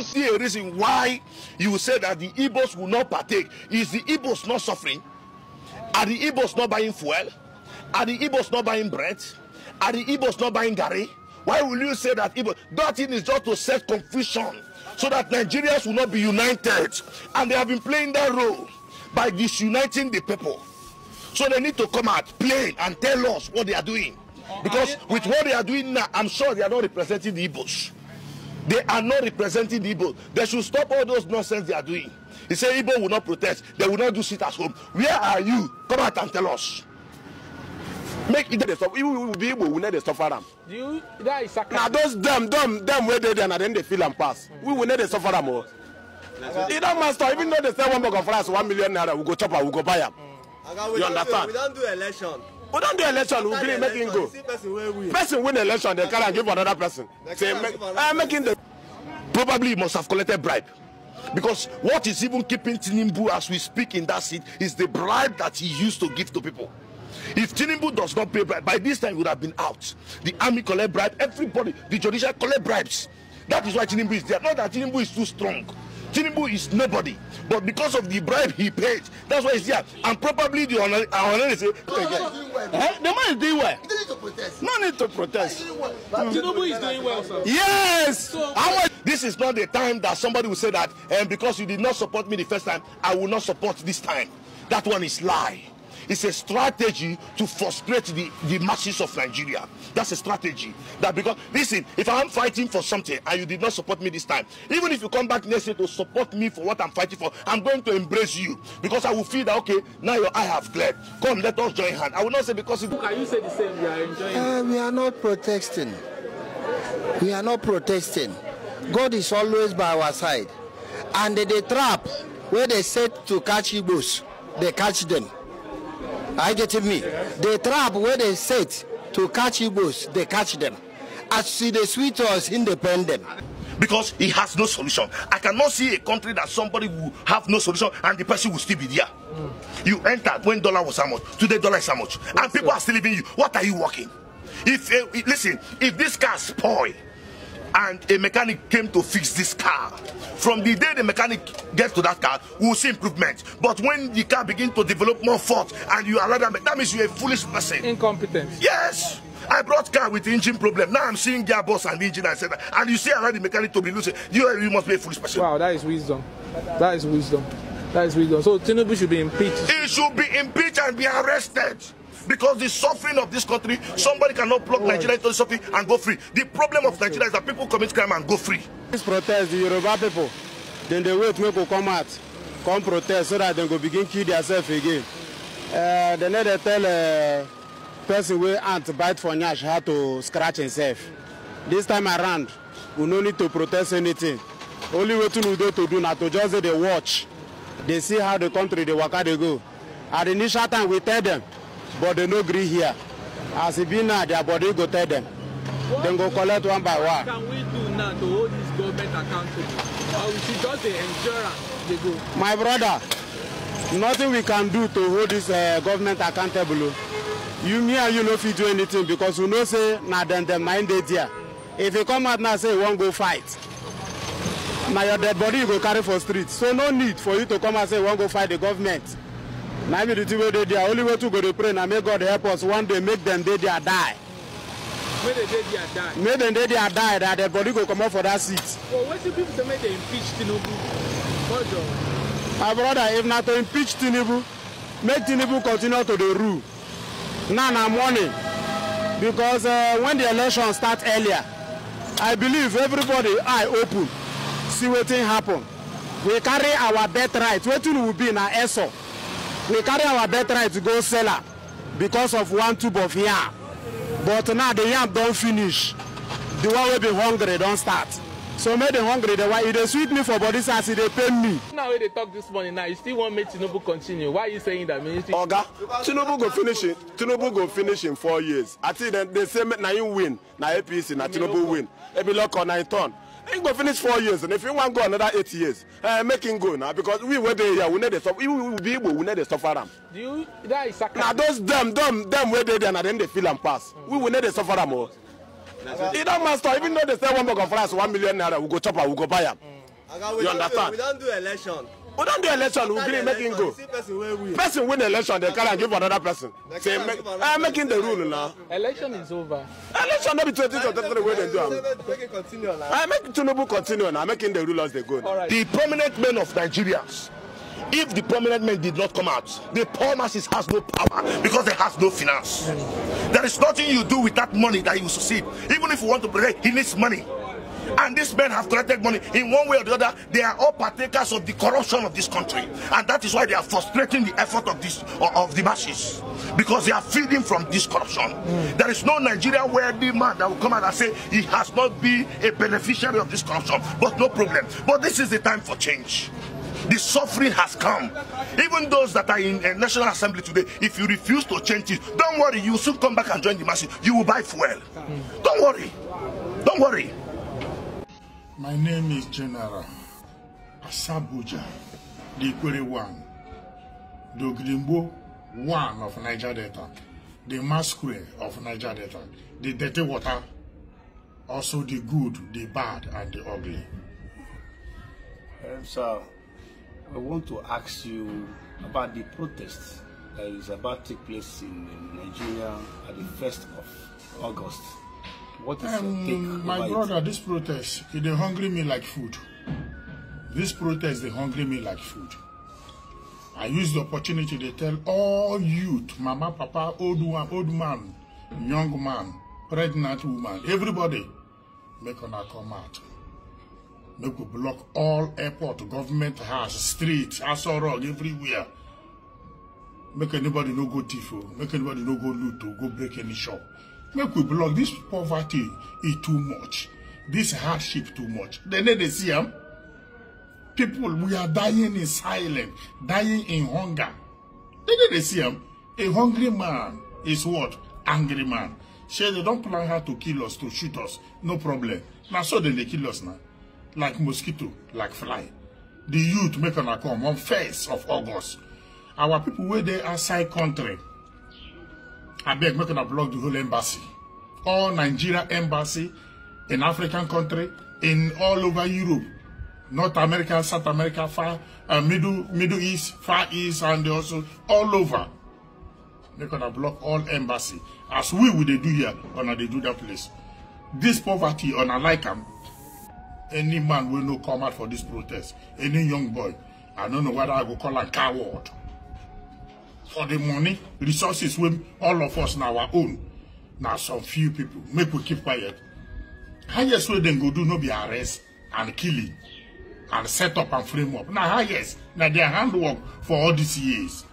don't see a reason why you say that the Igbos will not partake. Is the Igbos not suffering? Are the Igbos not buying fuel? Are the Igbos not buying bread? Are the Igbos not buying gari? Why will you say that Igbo? That thing is just to set confusion so that Nigerians will not be united. And they have been playing that role by disuniting the people. So they need to come out, plain, and tell us what they are doing. Oh, Because with what they are doing now, I'm sure they are not representing the Igbos. They are not representing the Igbo. They should stop all those nonsense they are doing. He said Igbo will not protest. They will not do sit at home. Where are you? Come out and tell us. Make it stop. We will be Igbo. We need to suffer them. You, Now those them, them, them where they there, and then they feel and pass. Mm. We will need to suffer them. Oh. It don't matter. Even though they sell one bag of rice, one million naira, we go chop her, we go buy her. Mm. You understand? We don't do election we don do election we gree make him go person win election dem carry am give another person say make uh, make him dey. probably he must have collected bribe because what is even keeping tinubu as we speak in that seat is the bribe that he used to give to people if tinubu does not pay bribe by this time he would have been out the army collect bribe everybody the judicial collect bribes that is why tinubu is there not that tinubu is too strong tinubu is nobody but because of the bribe he paid that's why he's there and probably the honorary honorary say. Eh? The man is doing well. He doesn't need to protest. No need to protest. Hmm. Tinubu is doing well, sir. Yes! So, this is not the time that somebody will say that, and um, because you did not support me the first time, I will not support this time. That one is lie. It's a strategy to frustrate the, the masses of Nigeria. That's a strategy. That because listen, if I'm fighting for something and you did not support me this time, even if you come back next year to support me for what I'm fighting for, I'm going to embrace you because I will feel that okay, now your eye have cleared. Come, let us join hand. I will not say because it. Can you say the same? We are enjoying. Uh, we are not protesting. We are not protesting. God is always by our side. And the, the trap where they set to catch Igbos, they catch them. I get me? The trap where they set to catch Igbos, they catch them. As see the sweet us independent. Because he has no solution. I cannot see a country that somebody will have no solution and the person will still be there. Mm. You entered when dollar was how much. Today dollar is how much. Yes, and people sir. are still leaving you. What are you working? If uh, listen, if this car spoil, and a mechanic came to fix this car. From the day the mechanic gets to that car, we will see improvement. But when the car begins to develop more fault and you allow that, that means you're a foolish person. Incompetent. Yes. I brought car with engine problem. Now I'm seeing gearbox and engine, etc. And you see allow the mechanic to be losing. You, you must be a foolish person. Wow, that is wisdom. That is wisdom. That is wisdom. So Tinubu should be impeached. He should be impeached and be arrested. Because the suffering of this country, somebody cannot block Nigeria into suffering and go free. The problem of Nigeria is that people commit crime and go free. This protest, the Yoruba people, then they wait make go come out, come protest so that they go begin kill themselves again. Uh, then they tell uh, person wey ant bite for nyash how to scratch himself. This time around, we no need to protest anything. Only wetin we dey to do na to just they watch, they see how the country dey waka they go. At the initial time, we tell them but they no gree here as e be now their body go tell them dem go collect one by one. what can we do now to hold this government accountable or we should just dey ensure am dey go. my brother nothing we can do to hold this uh, government accountable o you me and you no fit do anything because we know say na dem dem mind im dey there if you come out now say you wan go fight na your dead body you go carry for street so no need for you to come out say you wan go fight the government na be the thing wey dey there only way to go dey pray na make god help us one day make dem dey there die make dem dey there die that their body go comot for that seat. well wetin people say make dem impeach tinubu ojo. my brother if na to impeach tinubu make tinubu continue to dey rule now na morning because uh, when the election start earlier i believe everybody eye open see wetin happen we carry our birth right wetin we be na eso we carry our birthright to go sell am because of one tube of yam but now the yam don finish the one wey be hungry don start so make the hungry dey why e dey sweet me for body as e dey pain me. now wey dey talk this morning now you still wan make tinubu continue why you saying that ministry. oga tinubu go finish in tinubu go finish in four years ati dem dey say na him win na apc na tinubu win ebiloko na him turn him go finish four years and if he wan go another eight years uh, make him go na because we wey dey here we no dey suffer we be igbo we no dey suffer am. do you that is saka. na those dem dem dem wey dey there na dem dey feel am pass we we no dey suffer am o. Oh. e don master even though they sell one bag of rice one million naira we go chop am we go buy am. you understand. we don do election we don do election we gree make him go person win election dey carry am give another person say make uh, make him dey rule na. election is over. election no be twenty twenty three wey dey do am. Eh, make tinubu continue na make him dey rule us dey go. the prominent men of nigerians if the prominent men did not come out the poor masses has no power because they has no finance there is nothing you do with that money that you succeed even if you want to protect he needs money. And these men have collected money in one way or the other. They are all partakers of the corruption of this country. And that is why they are frustrating the effort of this of the masses. Because they are feeding from this corruption. Mm. There is no Nigerian worthy man that will come out and say he has not been a beneficiary of this corruption. But no problem. But this is the time for change the suffering has come. Even those that are in uh, National Assembly today, if you refuse to change it, don't worry, you will soon come back and join the masses. You will buy fuel. Mm. Don't worry. Don't worry. My name is General Asabuja, the Ikwere one, the Ogrimbo one of Niger Delta, the Masquerade of Niger Delta, the dirty water, also the good, the bad, and the ugly. Um, sir, I want to ask you about the protest that is about to take place in Nigeria at the 1st of August. What is um, your take My brother, it? this protest, they e hungry me like food. This protest, they hungry me like food. I use the opportunity to tell all youth, mama, papa, old woman, old man, young man, pregnant woman, everybody, make on come out. Make we block all airport, government house, street, Asorog, everywhere. Make anybody no go thief, make anybody no go loot, go break any shop make we block this poverty e too much This hardship too much dem no they see am um, people we are dying in silence dying in hunger dem no they see am um, a hungry man is what angry man shey they don't plan how to kill us to shoot us no problem Now so dem they kill us now, like mosquito like fly The youth make an come on 1st of august our pipo wey dey outside country I beg make una block the whole embassy all nigeria embassy in african country in all over europe north america south america far uh, middle middle east far east and also all over make una block all embassy as we we dey do here una they do that place this poverty una like them, any man will no come out for this protest any young boy i don't know whether i will call am coward for the money, resources when all of us now our own. Now some few people make we keep quiet. Highest way they go do no be arrest and killing and set up and frame up. Now highest now their handwork for all these years.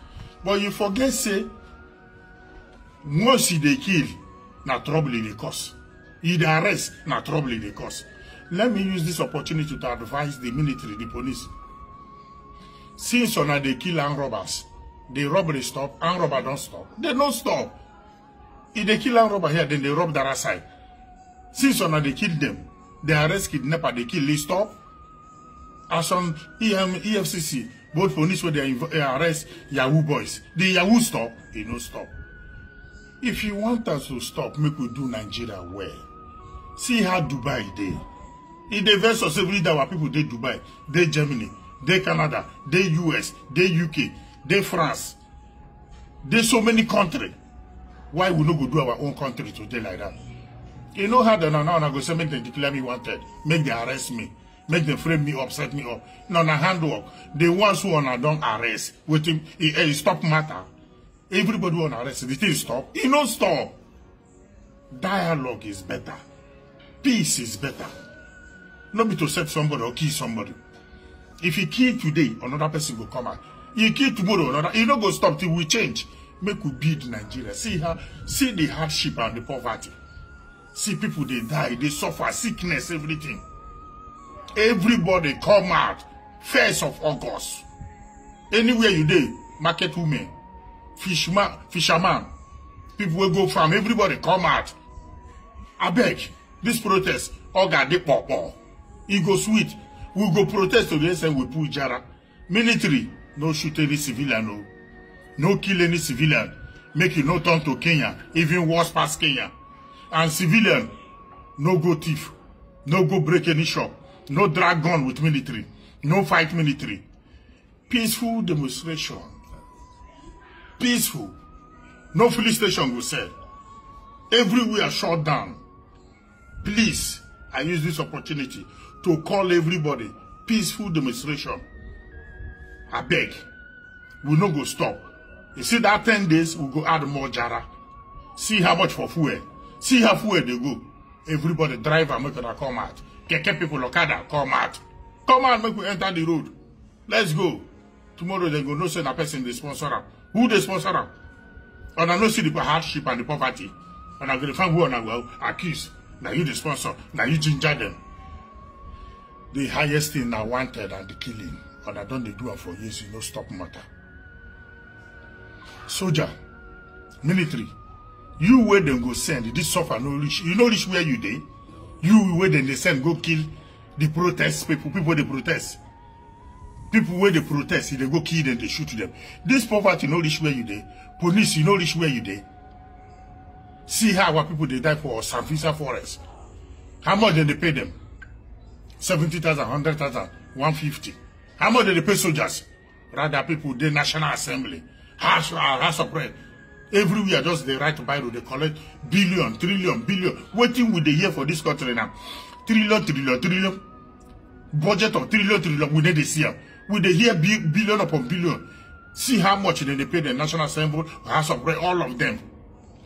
But you forget say once they kill, now trouble in the cause. If they arrest, now trouble in the cause. Let me use this opportunity to advise the military, the police. Since on they kill and robbers, the robbery stop and robber don't stop. They don't stop. If they kill and robber here, then they rob the other side. Since on they kill them, they arrest kidnapper, they kill they stop. As on EM, EFCC, both police where they eh, arrest Yahoo boys. The Yahoo stop, they don't stop. If you want us to stop, make we do Nigeria well. See how Dubai they. In the vex us every day, our people they Dubai, they Germany, they Canada, they US, they UK dey france dey so many countries. why we no go do our own country today like that You know how na now na go say make dem declare me wanted make dem arrest me make dem frame me up set me up na na handwork the ones who una don arrest wetin e eh, e eh, stop matter everybody wan arrest the thing stop He no stop dialogue is better peace is better no be to set somebody or kill somebody if he kill today another person go come out you kill tomorrow another You no go stop till we change make we build nigeria see how see the hardship and the poverty see people dey die dey suffer sickness everything everybody come out first of august anywhere you dey market women fisherman fisherman people wey go farm everybody come out abeg this protest oga dey pọpọ e go sweet we go protest to the extent we pull jara military no shoot any civilian no no kill any civilian make you no turn to kenya even worse past kenya and civilian no go thief no go break any shop no drag gun with military no fight military peaceful demonstration peaceful no police station will sell everywhere shut down please i use this opportunity to call everybody peaceful demonstration I beg, we no go stop you see that ten days we go add more jara see how much for fuel see how fuel they go everybody driver make them come out keke people okada come out come out make we enter the road let's go tomorrow they go know say na person dey sponsor am who dey sponsor am una no see the hardship and the poverty una go dey find who una go accuse Now you dey sponsor na you ginger them. the highest thing na wanted and the killing and i don dey do am for years You no stop matter soldier military you wey dem go send This suffer no reach you no reach where you dey you wey dem they send go kill the protest People pipo they protest people where they protest they go kill them, they shoot them. This poverty no reach where you dey police you no reach where you dey see how our people they die for sanfisa forest how much dem dey pay dem 70000 100000 150 How much did they pay soldiers? Rather, people, the National Assembly, House, uh, House of Prayer. Everywhere, just the right to buy, they collect billion, trillion, billion. Waiting with the year for this country now. Trillion, trillion, trillion. Budget of trillion, trillion, we need to see. We the year, billion upon billion. See how much they pay the National Assembly, House of Prayer, all of them.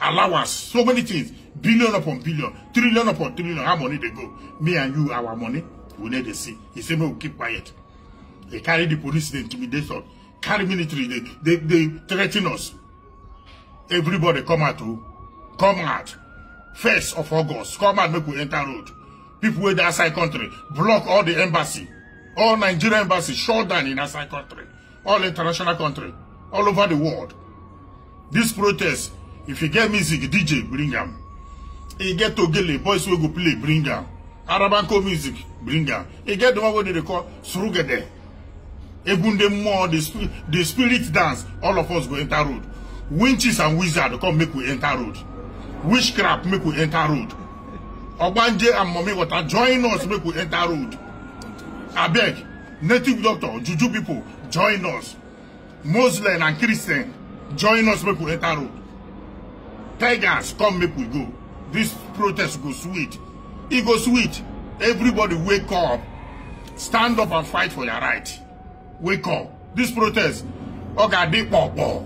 Allowance, so many things. Billion upon billion, trillion upon trillion. How money they go? Me and you, our money, we need to see. He said, no, keep quiet. They carry the police, the intimidation, carry military, they, they, they threaten us. Everybody come out, oh. come out. First of August, come out, make we enter road. People with the outside country, block all the embassy. All Nigerian embassy shut down in outside country. All international country, all over the world. This protest, if you get music, DJ, bring them. You get Togele, boys will go play, bring them. Arabanko music, bring them. You get the one where they call Surugede. Egunde more the, sp the spirit dance, all of us go enter road. Winches and wizard come make we enter road. Witchcraft make we enter road. Ogbanje and Mommy Water join us make we enter road. beg, native doctor, juju people, join us. Muslim and Christian, join us make we enter road. Tigers, come make we go. This protest go sweet. It e go sweet. Everybody wake up. Stand up and fight for your right wake up This protest oga dey pọpọ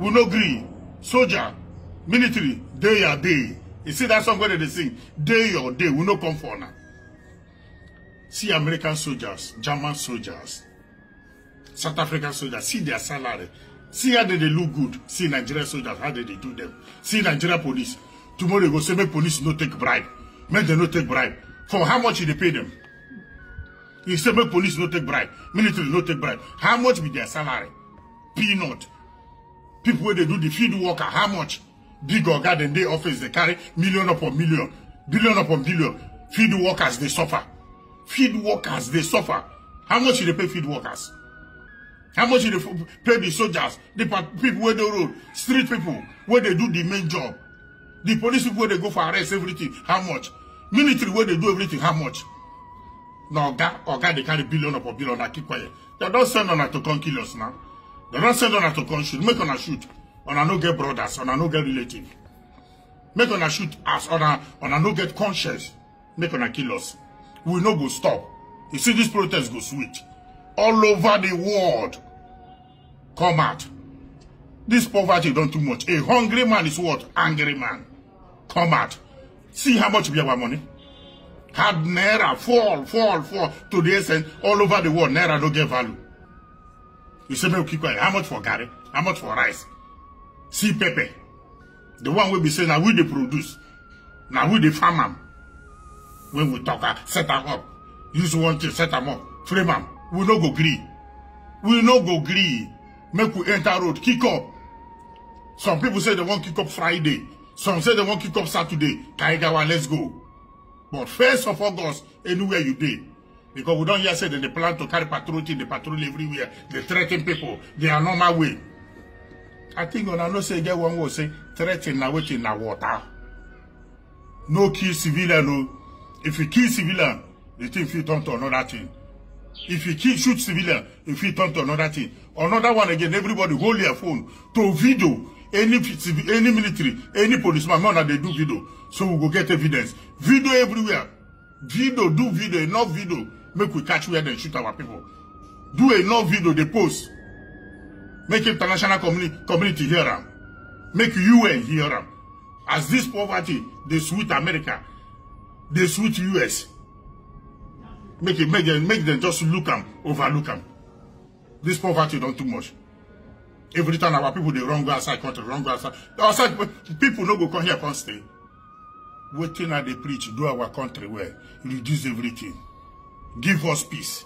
we no agree. soldier military day or day you see dat song wey dem dey sing dey your day we no come for now see american soldiers german soldiers south african soldiers see their salary see how they look good see Nigerian soldiers how they do them. see Nigerian police tomorrow go say make police no take bribe make dem no take bribe for how much you dey pay them? You say make police no take bribe, military no take bribe. How much be their salary? Peanut. People where they do the field worker, how much? Big or garden day office, they carry million upon million, billion upon billion. Field workers, they suffer. Field workers, they suffer. How much do they pay field workers? How much do they pay the soldiers, the people where they road, street people, where they do the main job? The police people where they go for arrest, everything, how much? Military where they do everything, how much? Now, Oga, Oga, they carry billion upon billion, I keep quiet. They don't send on to come kill us now. They don't send on to come shoot. Make on a shoot. On a no get brothers, on a no get relative. Make on a shoot as on a, on a no get conscience. Make on a kill us. We no go stop. You see, this protest go sweet. All over the world. Come out. This poverty don't too much. A hungry man is what? Angry man. Come out. See how much be our money. had Naira fall, fall, fall to the extent all over the world, Naira don't get value. You say, keep quiet. How much for Gary? How much for rice? See Pepe. The one will be saying, now we the produce. Now we the farm them." When we talk, ah, set them up. Use one to set them up. Frame them. We no go green. We no go green. Make we enter road. Kick up. Some people say they want kick up Friday. Some say they want kick up Saturday. one, let's go. But first of August, anywhere you dey, because we don't hear say that dey plan to carry patrol team dey patrol everywhere dey threaten people They are not my way i think una know say e get one word say threaten na wetin na water no kill civilian o if you kill civilian the thing fit turn to another thing if you kill shoot civilian if fit turn to another thing another one again everybody hold their phone to video any any military any policeman make una dey do video so we go get evidence video everywhere video do video enough video make we catch where they shoot our people do enough video they post make international community community hear them, make un hear them. as this poverty they sweet america they sweet us make it make them make them just look am overlook them. this poverty don't too much every time our people they run go outside country run go outside outside people no go come here come stay Waiting at the preach do our country well reduce everything give us peace